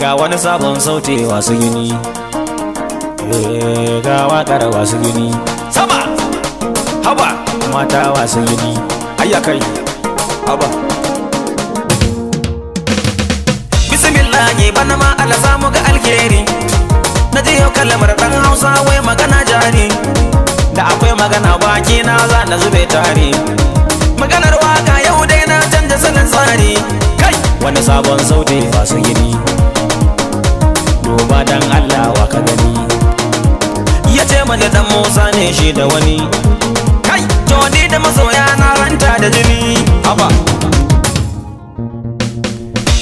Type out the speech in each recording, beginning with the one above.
ga wani sabon sauti wasu gini eh, ga wakar wasu gini sama haba mata wasu gini ayyakai haba bismillahi bana ma ala samu ga alheri. na ji yau kalmar dan hausa wai magana jari da akwai magana baki na za na zube tare maganar waka yau dai na canza sanin tsari kai wani sabon sauti wasu gini Muhammadu dan Musa ne shi da wani kai to ni da masoya na ranta da jini haba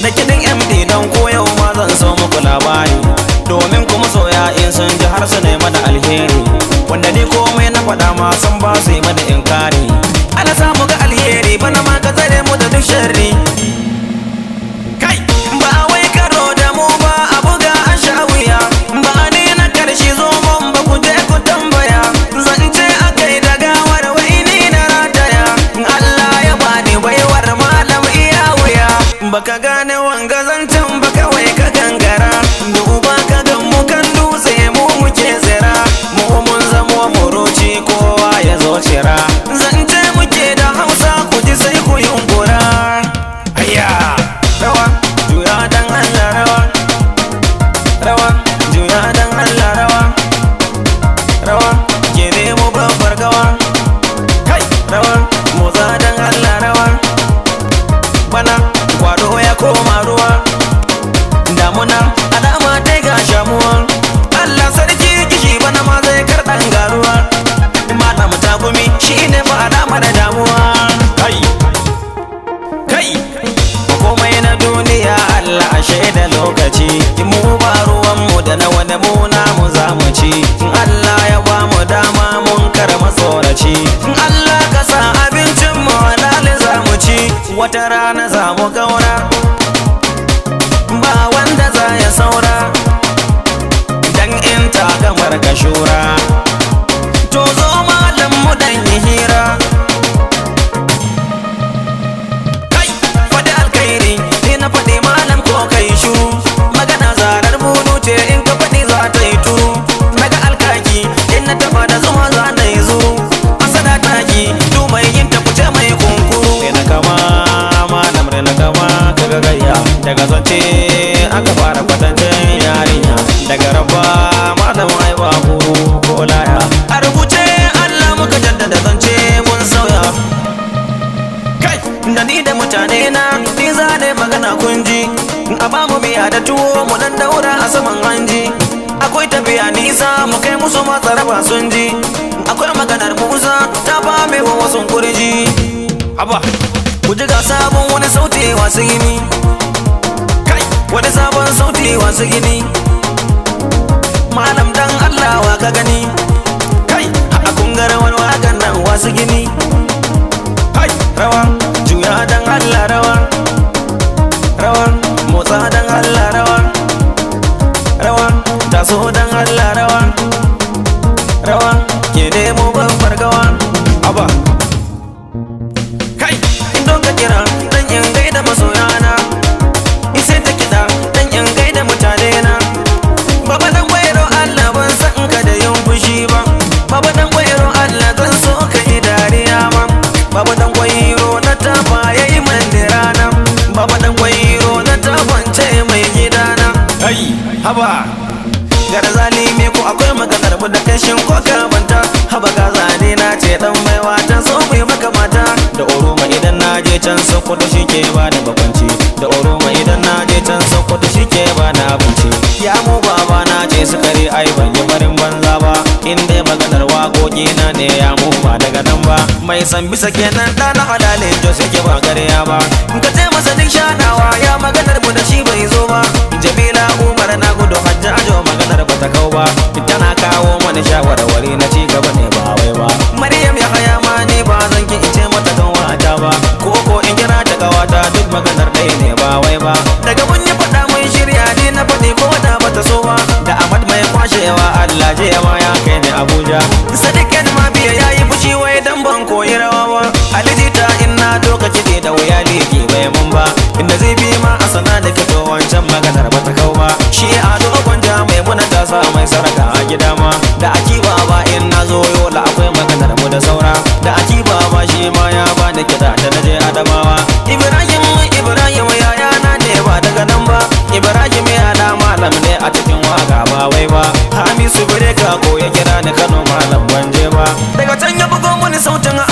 da kidan MD don koyo ma zan so muku labari domin kuma soya in sun ji har su ne mana alheri wanda ni komai na faɗa ma san ba su yi mana inkari ana samu ga alheri bana ma ka zare mu da duk sharri wata rana za mu gaura ba wanda za ya saura dan in ta gamar shura. daga gayya daga zance aka fara kwatancin yarinya daga rabba malamin ai babu ko laya a rubuce Allah muka jaddada zance mun sauya kai da ni da mutane na ni za ne magana kun ji a bamu biya da tuwo mu dan daura a saman hanji akwai tafiya nisa mu kai musu ma ba sun ji akwai maganar musa ta ba mai wasu kurji haba ku ji ga sabon wani sauti wasu gini kai wani sabon sauti wasu gini malam dan Allah wa gani kai a kungara wani nan wasu gini haba Gara me ko akwai maganar mu da kashin ko banta Haba ga zani na ce dan mai ta so ku yi maka mata Da oroma idan na je can ku da shike ba ni bakwanci Da oroma idan na je can ku da shike ba na Ya mu baba na ce sukari ai ban yi barin banza ba In dai maganar wakoki na ne ya mu ba daga nan ba Mai san bisa kenan dan halalin jos ke ba ƙarya ba Ka ce masa duk shanawa ya magana 守等啊。